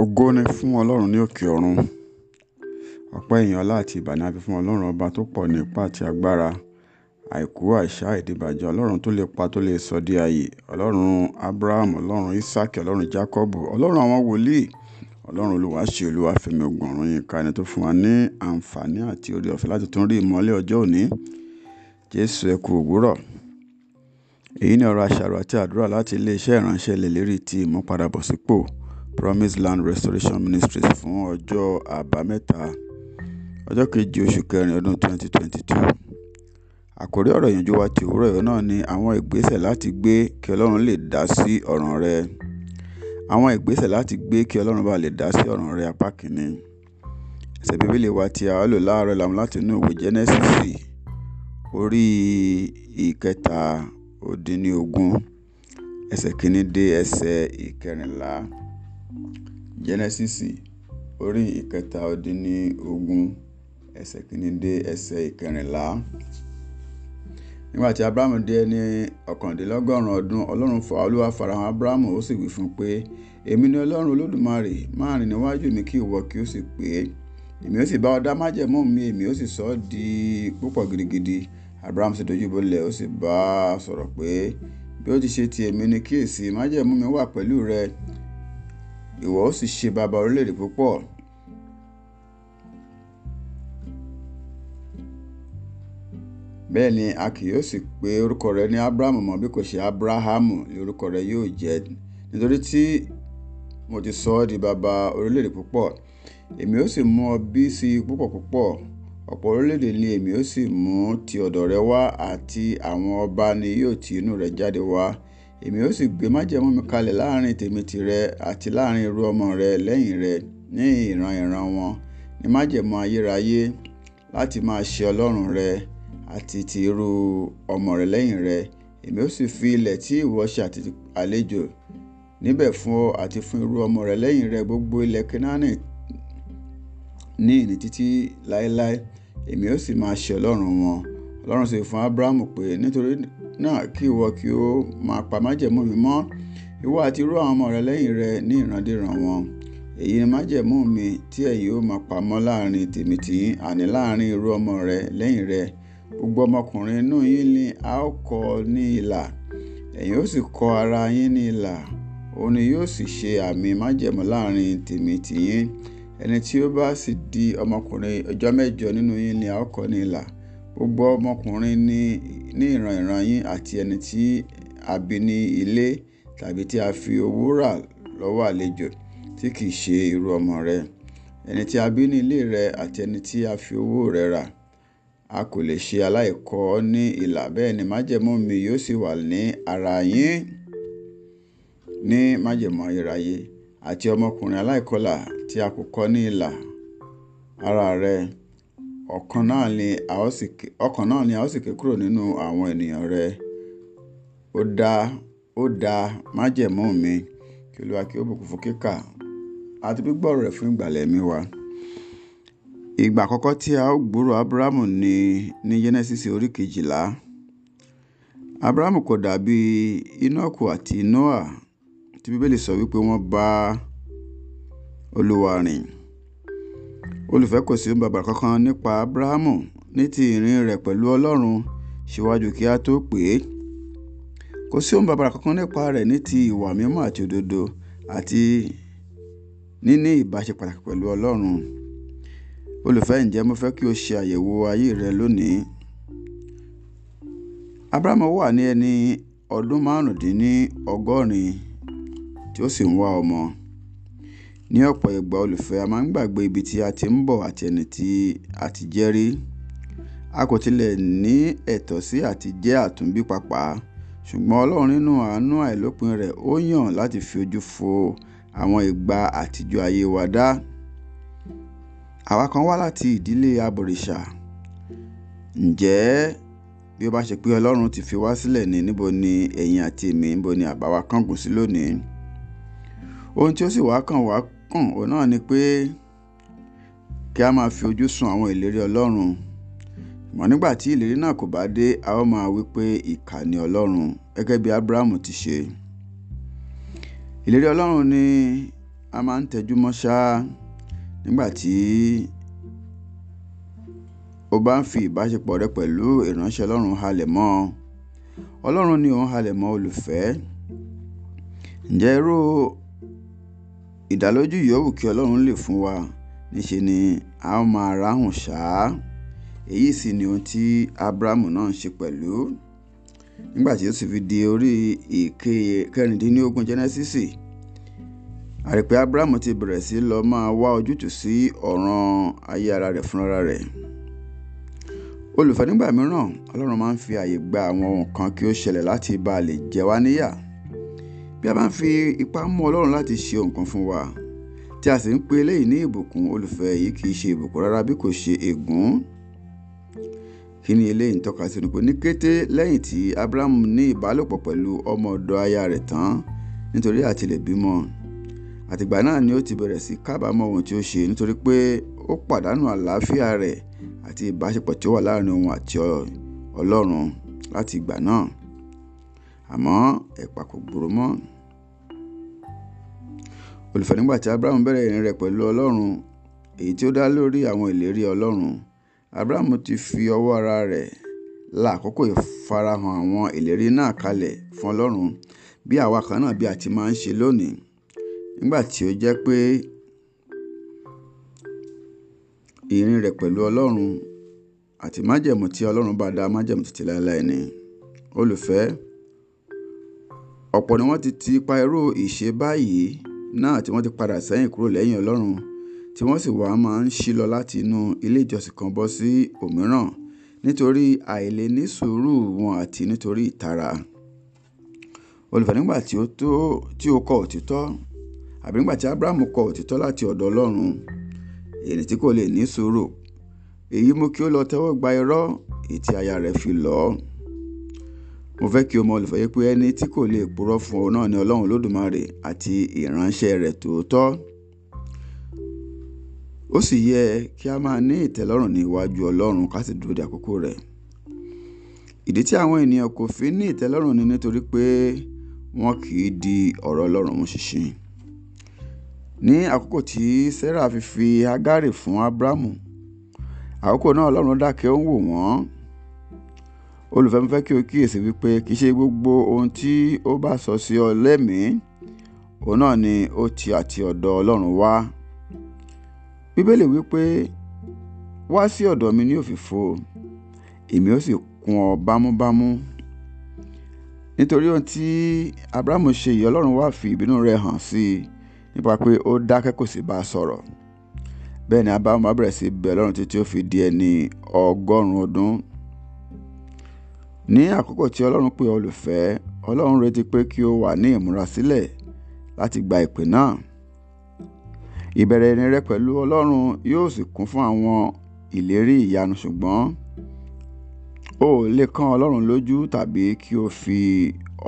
Ògo ni fún Ọlọ́run ní òkè ọ̀run. Ọpẹ́ ìyìn ọlá àti ìbà ni a fi fún Ọlọ́run ọba tó pọ̀ ní ipá àti agbára. Àìkú àìsà ìdìbàjẹ́ Ọlọ́run tó lè pa tó lè sọ di ààyè. Ọlọ́run Abraham, Ọlọ́run Isaac, Ọlọ́run Jacob, Ọlọ́run àwọn wòlíì, Ọlọ́run olùwàásù olúwàfẹ́mi ogun ọ̀run yín ká ẹni tó fún wa ní àǹfààní àti oore ọ̀fẹ́ láti tún rí ìmọ́lẹ̀ ọjọ́ òní. Jésù ẹ kú òwúrọ̀. Èyí ni ọ̀rọ̀ àṣàrò àti àdúrà láti ilé ìránṣẹ́ lè lérí ti ìmúpadàbọ̀sípò promise land restoration ministries fún ọjọ́ àbámẹ́ta ọjọ́ kejì oṣù kẹrin ọdún 2022 àkórí ọ̀rọ̀ ìyànjú wa ti òwúrọ̀ ìwé náà ni àwọn ìgbésẹ̀ láti gbé kí ọlọ́run lè dá sí ọ̀ràn rẹ àwọn ìgbésẹ̀ láti gbé kí ọlọ́run bá lè dá sí ọ̀ràn rẹ apá kìíní ẹsẹ̀ bíbélì wa ti àwọn lò láàárọ̀ làwọn láti inú ìwé Jẹ́nẹ́sísì orí ìkẹta ó dín ní ogún ẹsẹ̀ kìíní dé ẹsẹ̀ ìkẹrìnlá jẹ́nẹ́sísì orí ìkẹta ọdún ní ogún ẹsẹ̀ kìíní dé ẹsẹ̀ ìkẹrìnlá nígbà tí abrahamu dé ní ọ̀kàndínlọ́gọ́rùn ọdún ọlọ́run fa olúwa farahàn abrahamu ó sì wí fún un pé èmi ni ọlọ́run olódùmarè máa rìn níwájú mi kí ìwọ kí ó sì pé èmi ó sì bá ọ dá májẹ̀mú mi èmi ó sì sọ ọ́ di púpọ̀ gidigidi abrahamu sì dojú bolẹ̀ ó sì bá a sọ̀rọ̀ pé bí ó ti ṣe ti èmi ni kíyèsí májẹ̀mú mi wà pẹ̀lú rẹ ìwọ ó sì ṣe bàbá orílẹ̀-èdè púpọ̀. bẹ́ẹ̀ ni a kì yóò sì pe orúkọ rẹ ní abrahamu mọ́ bí kò ṣe abrahamu ni orúkọ rẹ yóò jẹ́ nítorí tí mo ti sọ ọ́ di bàbá orílẹ̀-èdè púpọ̀ èmi ó sì mú ọ bí sí púpọ̀ púpọ̀ ọ̀pọ̀ orílẹ̀-èdè ni èmi ó sì mú ti ọ̀dọ̀ rẹ wá àti àwọn ọba ni yóò ti inú rẹ jáde wá èmi ó sì gbé májẹ̀mú mi kalẹ̀ láàrin tèmi tìrẹ àti láàrin irú ọmọ rẹ lẹ́yìn rẹ ní ìran ìran wọn ní májẹ̀mú ayérayé láti máa ṣe ọlọ́run rẹ àti ti irú ọmọ rẹ lẹ́yìn rẹ èmi ó sì fi ilẹ̀ tí ìwọ ṣe àlejò níbẹ̀ fún ọ àti fún irú ọmọ rẹ lẹ́yìn rẹ gbogbo ilẹ̀ Kínánì ní ìní títí láéláé èmi ó sì máa ṣe ọlọ́run wọn ọlọ́run sì fún Ábúráhámù pé nítorí náà kí ìwọ kí ó máa pa májẹ̀mú mi mọ́ ìwọ àti irú àwọn ọmọ rẹ lẹ́yìn rẹ ní ìrandíran wọn èyí ni májẹ̀mú mi tí ẹ̀yin ó máa pamọ́ láàrin tèmi tí àní láàrin irú ọmọ rẹ lẹ́yìn rẹ gbogbo ọmọkùnrin inú yín ni a ó kọ ní ilà ẹ̀yin ó sì kọ ara yín ní ilà òun ni yóò sì ṣe àmì májẹ̀mú láàrin tèmi ẹni tí ó bá sì di ọmọkùnrin ọjọ́ mẹ́jọ nínú yín ni a ó kọ ní ilà gbogbo ọmọkùnrin ni ní ìran ìran yín àti ẹni tí a bí ní ilé tàbí tí a fi owó rà lọ́wọ́ àlejò tí kì í ṣe irú ọmọ rẹ. Ẹni tí a bí ní ilé rẹ àti ẹni tí a fi owó rẹ rà. A kò lè ṣe aláìkọ́ ní ìlà bẹ́ẹ̀ ni májẹ̀mú mi yóò sì wà ní ara yín ní májẹ̀mú ayérayé àti ọmọkùnrin aláìkọlà tí a kò kọ́ ní ìlà ara rẹ ọkàn náà ni a ó sì ké ọkàn náà ni a ó sì ké kúrò nínú àwọn ènìyàn rẹ ó dá ó dá májẹ̀mú mi kí olúwa kí ó bùkún fún kíkà àti gbígbọ́rọ̀ rẹ̀ fún ìgbàlẹ̀ mi wa ìgbà àkọ́kọ́ tí a ó gbúrò abrahamu ní ní jẹ́nẹ́sísì orí kejìlá abrahamu kò dàbí enoch àti noah tí bíbélì sọ wípé wọ́n bá olúwa rìn olùfẹ́ kò sí bàbà kankan nípa ábúráhámù ní ti ìrìn rẹ̀ pẹ̀lú ọlọ́run síwájú kí a tó pè é kò sí ohun bàbà kankan nípa rẹ̀ ní ti ìwà mímọ́ àti òdodo àti níní ìbáṣe pàtàkì pẹ̀lú ọlọ́run olùfẹ́ ǹjẹ́ mo fẹ́ kí o ṣe àyẹ̀wò ayé rẹ lónìí ábúráhámù wà ní ẹni ọdún márùndínní tí ó sì ń wá ọmọ. Ní ọ̀pọ̀ ìgbà olùfẹ́ a máa ń gbàgbé ibi tí a ti ń bọ̀ àti ẹni tí a ti jẹ́ rí. A kò tilẹ̀ ní ẹ̀tọ́ sí àti jẹ́ àtúnbí pàápàá, ṣùgbọ́n Ọlọ́run nínú àánú àìlópin rẹ̀ ó yàn láti fi ojú fo àwọn ìgbà àtijọ́ ayé wa dá. Àwa kan wá láti ìdílé abọ̀rìṣà. Ǹjẹ́ bí ó bá ṣe pé Ọlọ́run ti fi wá sílẹ̀ ni, níbo ni ẹ̀yin àti èmi, níbo ni àbá wa kángun sí lónìí? Ohun tí ó sì wá kàn wá kàn òun náà ni pé kí a máa fi ojú sun àwọn ìlérí Ọlọ́run ṣùgbọ́n nígbà tí ìlérí náà kò bá dé a ó máa wí pé ìkà ni Ọlọ́run gẹ́gẹ́ bí Abrahamu ti ṣe ìlérí Ọlọ́run ni a máa ń tẹjú mọ́ nígbà tí o bá ń fi ìbáṣepọ̀ rẹ pẹ̀lú ìránṣẹ́ Ọlọ́run halẹ̀ mọ́ Ọlọ́run ni òun halẹ̀ mọ́ olùfẹ́ ǹjẹ́ irú ìdálójú ìyọ́wù kí ọlọ́run lè fún wa níṣe ni a ó máa ráhùn ṣáá èyí sì ni ohun tí abrahamu náà ń ṣe pẹ̀lú nígbà tí ó sì fi di orí ìke kẹrìndínlógún jẹ́nẹ́sísì a rí pé abrahamu ti bẹ̀rẹ̀ sí lọ máa wá ojútùú sí ọ̀ràn ayé ara rẹ̀ fúnra rẹ̀ olùfẹ́ nígbà mìíràn ọlọ́run máa ń fi àyè gba àwọn nǹkan kí ó ṣẹlẹ̀ láti bá a lè jẹ wá níyà bí a bá ń fi ipá mú ọlọ́run láti ṣe nǹkan fún wa tí a sì ń pe eléyìí ní ìbùkún olùfẹ́ yìí kì í ṣe ìbùkún rárá bí kò ṣe ègún kí ni eléyìí ń tọ́ka sí nípa ní kété lẹ́yìn tí Ábúráhámù ní ìbálòpọ̀ pẹ̀lú ọmọ ọ̀dọ̀ aya rẹ̀ tán nítorí àti lè bímọ àtìgbà náà ni ó ti bẹ̀rẹ̀ sí kábàámọ̀ ohun tí ó ṣe nítorí pé ó pàdánù àlàáfíà rẹ̀ àti ìbáṣepọ̀ tí ó wà láàrin òun àti ọlọ́run láti ìgbà náà àmọ́ ẹ̀pà kò gbòòrò mọ́ olùfẹ́ nígbà tí abraham bẹ̀rẹ̀ ìrìn rẹ̀ pẹ̀lú ọlọ́run èyí tí ó dá lórí àwọn ìlérí ọlọ́run abraham ti fi ọwọ́ ara rẹ̀ la àkókò ìfarahàn àwọn ìlérí náà kalẹ̀ fún ọlọ́run bí àwa kan náà bí a ti máa ń ṣe lónìí nígbà tí ó jẹ́ pé ìrìn rẹ̀ pẹ̀lú ọlọ́run àti májẹ̀mú tí ọlọ́run bá dá májẹ̀mú títí láéláé ni olùfẹ́ ọ̀pọ̀ ni wọ́n ti ti pa irú ìṣe báyìí náà tí wọ́n ti padà sẹ́yìn kúrò lẹ́yìn Ọlọ́run tí wọ́n sì wá máa ń ṣí lọ láti inú ilé ìjọsìn kan bọ́ sí òmíràn nítorí àìlè ní sùúrù wọn àti nítorí ìtara olùfẹ́ nígbà tí ó tó tí ó kọ òtítọ́ àbí nígbà tí Abraham kọ òtítọ́ láti ọ̀dọ̀ Ọlọ́run èyí tí kò lè ní sùúrù èyí mú kí ó lọ tẹ́wọ́ gba irọ́ èyí tí rẹ̀ fi lọ̀ mo fẹ́ kí o mọ̀ olùfẹ́ yìí pé ẹni tí kò lè purọ́ fún ọ náà ni ọlọ́run olódùmarè àti ìránṣẹ́ rẹ̀ tòótọ́ ó sì yẹ kí a máa ní ìtẹ́lọ́rùn ní iwájú ọlọ́run ká sì dúró de àkókò rẹ̀ ìdí tí àwọn ènìyàn kò fi ní ìtẹ́lọ́rùn ni nítorí pé wọn kì í di ọ̀rọ̀ ọlọ́run mú ṣinṣin ní àkókò tí sarah fi fi agárì fún abrahamu àkókò náà ọlọ́run dákẹ́ ó ń wò wọ́n olùfẹ́ mi fẹ́ kí o kíyèsí wípé kì í ṣe gbogbo ohun tí ó bá sọ sí ọ lẹ́mìí òun náà ni ó ti àti ọ̀dọ̀ ọlọ́run wá bíbélì wípé wá sí ọ̀dọ̀ mi ní òfìfo èmi ó sì kún ọ bámúbámú nítorí ohun tí abrahamu ṣe yìí ọlọ́run wá fi ìbínú rẹ̀ hàn sí i nípa pé ó dákẹ́ kò sì bá a sọ̀rọ̀ bẹ́ẹ̀ ni abrahamu bá bẹ̀rẹ̀ sí bẹ̀ ọlọ́run títí ó fi di ẹni ọgọ́rùn-ún ọdún Ní àkókò tí Ọlọ́run pè ọ́ olùfẹ́, Ọlọ́run retí pé kí o wà ní ìmúrasílẹ̀ láti gba ìpè náà. Ìbẹ̀rẹ̀ ìrìn rẹ pẹ̀lú Ọlọ́run yóò sì kún fún àwọn ìlérí ìyanu ṣùgbọ́n o ò lè kán Ọlọ́run lójú tàbí kí o fi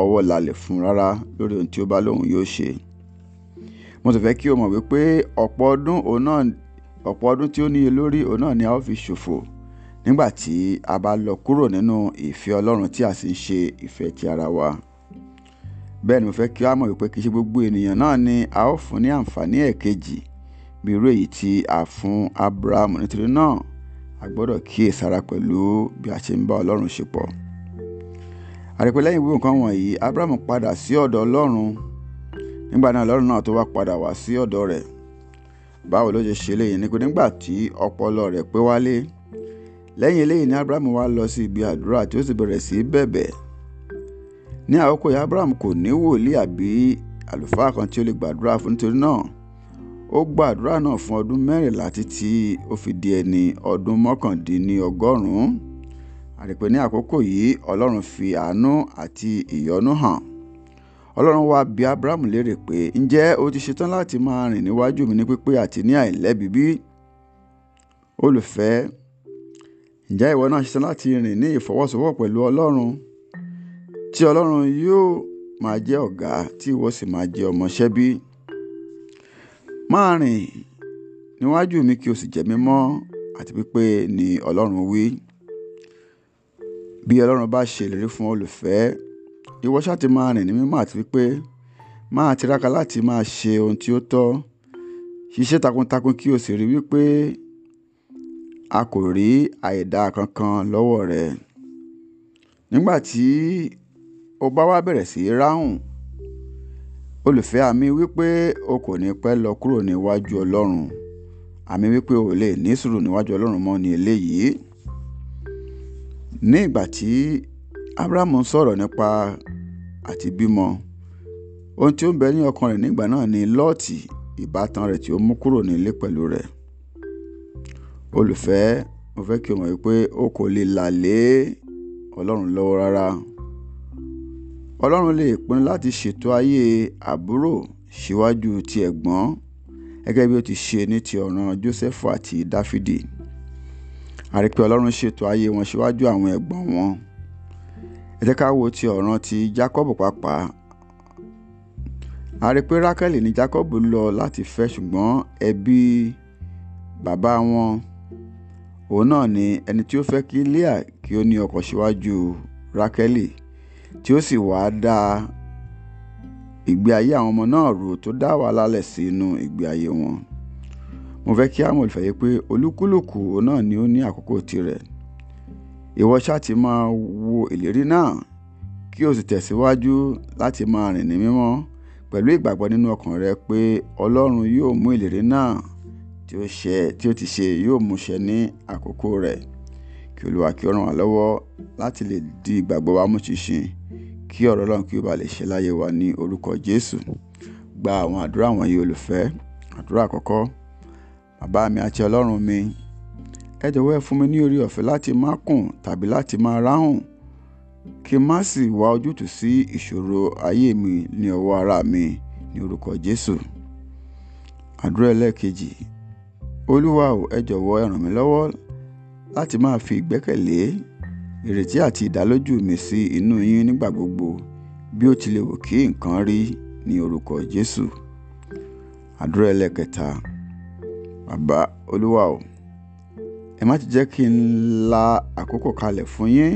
ọwọ́ lálẹ̀ fún rárá lórí ohun tí ó bá lóhùn yóò ṣe. Mo sì fẹ́ kí o mọ̀ wípé ọ̀pọ̀ ọdún òun náà ọ̀pọ̀ ọdún tí ó níye lórí òun náà ni a ó fi ṣòfò nígbà tí a bá lọ kúrò nínú ìfẹ́ Ọlọ́run tí a sì ń ṣe ìfẹ́ ti ara wa. Bẹ́ẹ̀ ni mo fẹ́ kí a mọ̀ wípé kì í ṣe gbogbo ènìyàn náà ni a ó fún ní àǹfààní ẹ̀kejì bí irú èyí tí a fún Abrahamu nítorí náà a gbọ́dọ̀ kíyèsára pẹ̀lú bí a ṣe ń bá Ọlọ́run ṣe pọ̀. àrèpé lẹ́yìn gbogbo nǹkan wọ̀nyí Abrahamu padà sí ọ̀dọ̀ Ọlọ́run nígbà náà Ọlọ́run náà tó wá padà wá sí ọ̀dọ̀ rẹ̀ báwo ló ṣe ṣe léyìn nígbà tí ọpọlọ rẹ̀ pé wálé lẹ́yìn eléyìí ni abraham wá lọ sí ibi àdúrà tí ó sì bẹ̀rẹ̀ sí bẹ̀bẹ̀ ní àkókò yìí abraham kò ní wòlíì àbí àlùfáà kan tí ó lè gbàdúrà fún nítorí náà ó gbàdúrà náà fún ọdún mẹ́rìnlá títí ó fi di ẹni ọdún mọ́kàndínlọ́gọ́rùn-ún àdìpé ní àkókò yìí ọlọ́run fi àánú àti ìyọ́nú hàn ọlọ́run wá bi abraham léèrè pé ǹjẹ́ o ti ṣetán láti máa rìn níwájú mi ní pípé àti ní àìlẹ́bi olùfẹ́ ǹjẹ́ ìwọ náà ṣetán láti rìn ní ìfọwọ́sowọ́pọ̀ pẹ̀lú ọlọ́run tí ọlọ́run yóò máa jẹ́ ọ̀gá tí ìwọ sì máa jẹ́ ọmọọṣẹ́ bí? máa rìn níwájú mi kí o sì jẹ́ mímọ́ àti pípé ni ọlọ́run wí. bí ọlọ́run bá ṣe ìlérí fún olùfẹ́ ìwọ ṣáà ti máa rìn ní mímọ́ àti pípé máa tiraka láti máa ṣe ohun tí ó tọ́ ṣiṣẹ́ takuntakun kí o sì rí wípé a kò rí àìda kankan lọ́wọ́ rẹ̀. Nígbà tí o bá wá bẹ̀rẹ̀ sí í ráhùn, olùfẹ́ àmì wípé o kò ní pẹ́ lọ kúrò níwájú Ọlọ́run. Àmì wípé o ò lè ní sùúrù níwájú Ọlọ́run mọ́ ni eléyìí. Ní ìgbà tí Abrahamu ń sọ̀rọ̀ nípa àti bímọ, ohun tí ó ń bẹ ní ọkàn rẹ̀ nígbà náà ni Lọ́ọ̀tì, ìbátan rẹ̀ tí ó mú kúrò nílé pẹ̀lú rẹ̀. Olùfẹ́, mo fẹ́ kí o mọ̀ wípé o kò lè là lé Ọlọ́run lọ́wọ́ rárá. Ọlọ́run lè pinnu láti ṣètò ayé àbúrò síwájú ti ẹ̀gbọ́n gẹ́gẹ́ bí ó ti ṣe ní ti ọ̀ràn Josẹfu àti Dafidi. A rí pé Ọlọ́run ṣètò ayé wọn síwájú àwọn ẹ̀gbọ́n wọn. Ẹ jẹ́ ká wo ti ọ̀ràn ti Jakọbu pàápàá. A rí pé Rakeli ni Jakọbu lọ láti fẹ́ ṣùgbọ́n ẹbí bàbá wọn òun náà ni ẹni tí ó fẹ́ kí Lea kí ó ní ọkọ síwájú Rákélì tí ó sì wá dá ìgbé ayé àwọn ọmọ náà rú tó dá wàhálà lẹ̀ sí inú ìgbé ayé wọn mo fẹ́ kí àmọ̀ ìfẹ́ yé pé olúkúlùkù òun náà ni ó ní àkókò tirẹ̀ ìwọ ṣáà ti máa wo ìlérí náà kí o sì tẹ̀síwájú láti máa rìn ní mímọ́ pẹ̀lú ìgbàgbọ́ nínú ọkàn rẹ pé Ọlọ́run yóò mú ìlérí náà tí ó ṣe tí ó ti ṣe yóò múṣẹ ní àkókò rẹ̀. Kí Olúwa kí ó ràn wá lọ́wọ́ láti lè di ìgbàgbọ́ wa mú ṣinṣin kí ọ̀rọ̀ Ọlọ́run kí ó ba lè ṣẹ láyé wa ní orúkọ Jésù. Gba àwọn àdúrà wọ̀nyí olùfẹ́. Àdúrà àkọ́kọ́. Bàbá mi àti Ọlọ́run mi, ẹ jọ̀wọ́ ẹ fún mi ní orí ọ̀fẹ́ láti má kùn tàbí láti má ráhùn kí n má sì wá ojútùú sí ìṣòro ayé mi ní ọwọ́ ara mi ní orúkọ Jésù. Àdúrà ẹlẹ́ẹ̀kejì. Olúwa o, ẹ jọ̀wọ́ ẹ ràn mí lọ́wọ́ láti máa fi ìgbẹ́kẹ̀lé, ìrètí àti ìdálójú mi sí inú yín nígbà gbogbo bí ó tilẹ̀ wù kí nǹkan rí ní orúkọ Jésù. Àdúrà ẹlẹ́kẹta. Bàbá Olúwa o, ẹ má ti jẹ́ kí n la àkókò kalẹ̀ fún yín.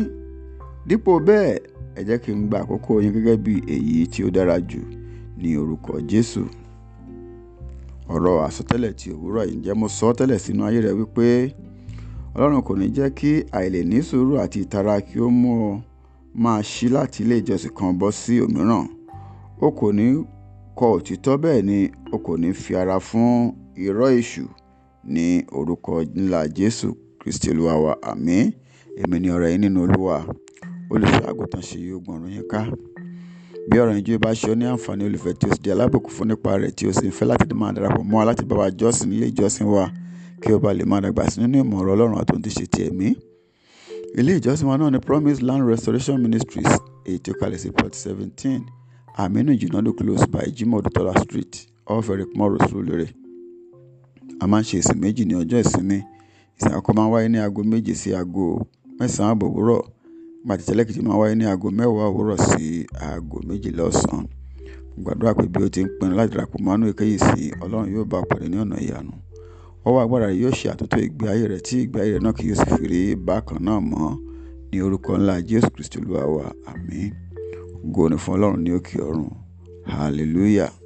Dípò bẹ́ẹ̀, ẹ jẹ́ kí n gba àkókò yín gẹ́gẹ́ bí èyí tí ó dára jù ní orúkọ Jésù ọ̀rọ̀ àsọtẹ́lẹ̀ ti òwúrọ̀ yìí ǹjẹ́ mo sọ tẹ́lẹ̀ sínú ayé rẹ wípé ọlọ́run kò ní jẹ́ kí àìlèní sùúrù àti ìtara kí ó mú ọ máa ṣí láti ilé ìjọsìn kan bọ́ sí òmíràn o kò ní kọ òtítọ́ bẹ́ẹ̀ ni o kò ní fi ara fún irọ́ èṣù ní orúkọ ńlá jésù kristi olúwa wa àmín èmi ni ọ̀rẹ́ yín nínú olúwa olùṣọ́ àgùntàn ṣèyí ogun ọ̀run yín ká. Bí ọ̀rọ̀ yìí bá ṣe ọ́ ní àǹfààní olùfẹ́ tí o sì di alábùkún fún nípa rẹ̀ tí o sì ń fẹ́ láti máa darapọ̀ mọ́ wa láti bá wa jọ́sìn nílé ìjọsìn wa kí o bá lè máa dàgbà sí nínú ìmọ̀ ọ̀rọ̀ Ọlọ́run àti ohun tí ṣe ti ẹ̀mí. Ilé ìjọsìn wa náà ni Promise Land Restoration Ministries èyí tí ó kalẹ̀ sí plot seventeen Aminu Jinadu close by Jimoh Odutola Street off Eric Moro Surulere. A máa ń ṣe ìsìn méjì ní ọjọ́ ìsinmi. Ìsìn àkọ́kọ́ máa ń wáyé ní aago méje sí aago mẹ́sàn-án àbọ̀ òwúrọ̀ Ìpàdé tẹ́lẹ̀kìtì máa wáyé ní aago mẹ́wàá òwúrọ̀ sí aago méjìlá ọ̀sán. Mo gbàdúrà pé bí o ti ń pinnu láti darapọ̀ mọ́ àánú èkéyìí sí, Ọlọ́run yóò bá ọ pàdé ní ọ̀nà ìyanu. Ọwọ́ agbára yóò ṣe àtúntò ìgbé ayé rẹ tí ìgbé ayé rẹ náà kì yóò sì fi rí bákan náà mọ́. Ní orúkọ ńlá Jésù Kristi Olúwa wa. Àmín. Ògo ni fún Ọlọ́run ní òkè ọ̀run. Hallelujah.